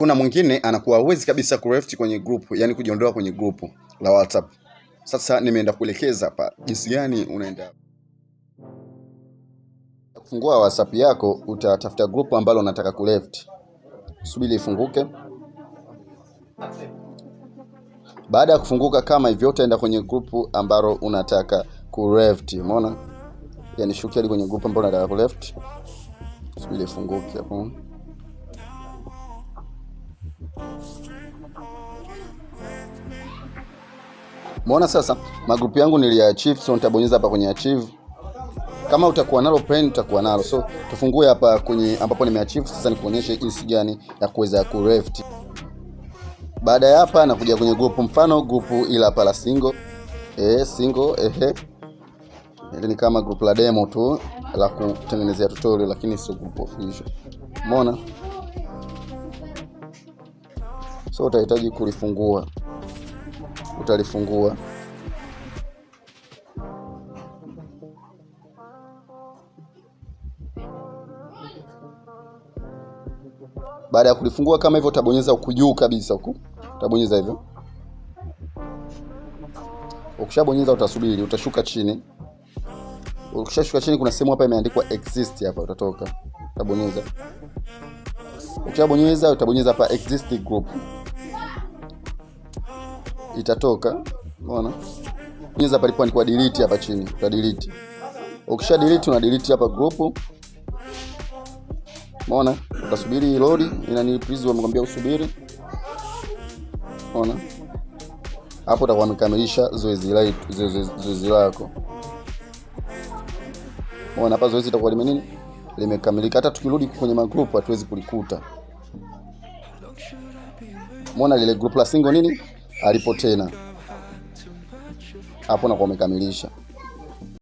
kuna mwingine anakuwa hawezi kabisa kureft kwenye group, yani kujiondoa kwenye group la WhatsApp. Sasa nimeenda kuelekeza hapa jinsi gani unaenda kufungua WhatsApp yako. Utatafuta group ambalo unataka kureft, subiri ifunguke. Baada ya kufunguka kama hivyo, utaenda kwenye group ambalo unataka kureft. Umeona, yani shukia hadi kwenye group ambalo unataka kureft, subiri ifunguke hapo. Umeona sasa magrupu yangu niliachieve, so nitabonyeza hapa kwenye achieve. Kama utakuwa nalo pen utakuwa nalo, so tufungue hapa kwenye ambapo nimeachieve. Sasa nikuonyeshe jinsi gani ya kuweza kureft. Baada ya hapa nakuja kwenye grupu, mfano grupu ila hapa la single eh, single ehe, ili ni kama grupu la demo tu la kutengenezea tutorial, lakini sio grupu official. Umeona? so utahitaji kulifungua, utalifungua Baada ya kulifungua kama hivyo, utabonyeza huku juu kabisa, huku utabonyeza hivyo. Ukishabonyeza utasubiri, utashuka chini. Ukishashuka chini, kuna sehemu hapa imeandikwa exist, hapa utatoka, utabonyeza. Ukishabonyeza utabonyeza hapa exist group itatoka. Unaona, bonyeza palipo ni kwa delete hapa chini, uta delete. Ukisha delete, una delete hapa group. Unaona, utasubiri load, inani please, wamekuambia usubiri. Unaona hapo utakuwa umekamilisha zoezi lako zoezi, lako. Unaona hapa zoezi itakuwa lime nini limekamilika. Hata tukirudi kwenye magrupu hatuwezi kulikuta. Umeona lile group la single nini alipo tena hapo, nakuwa umekamilisha.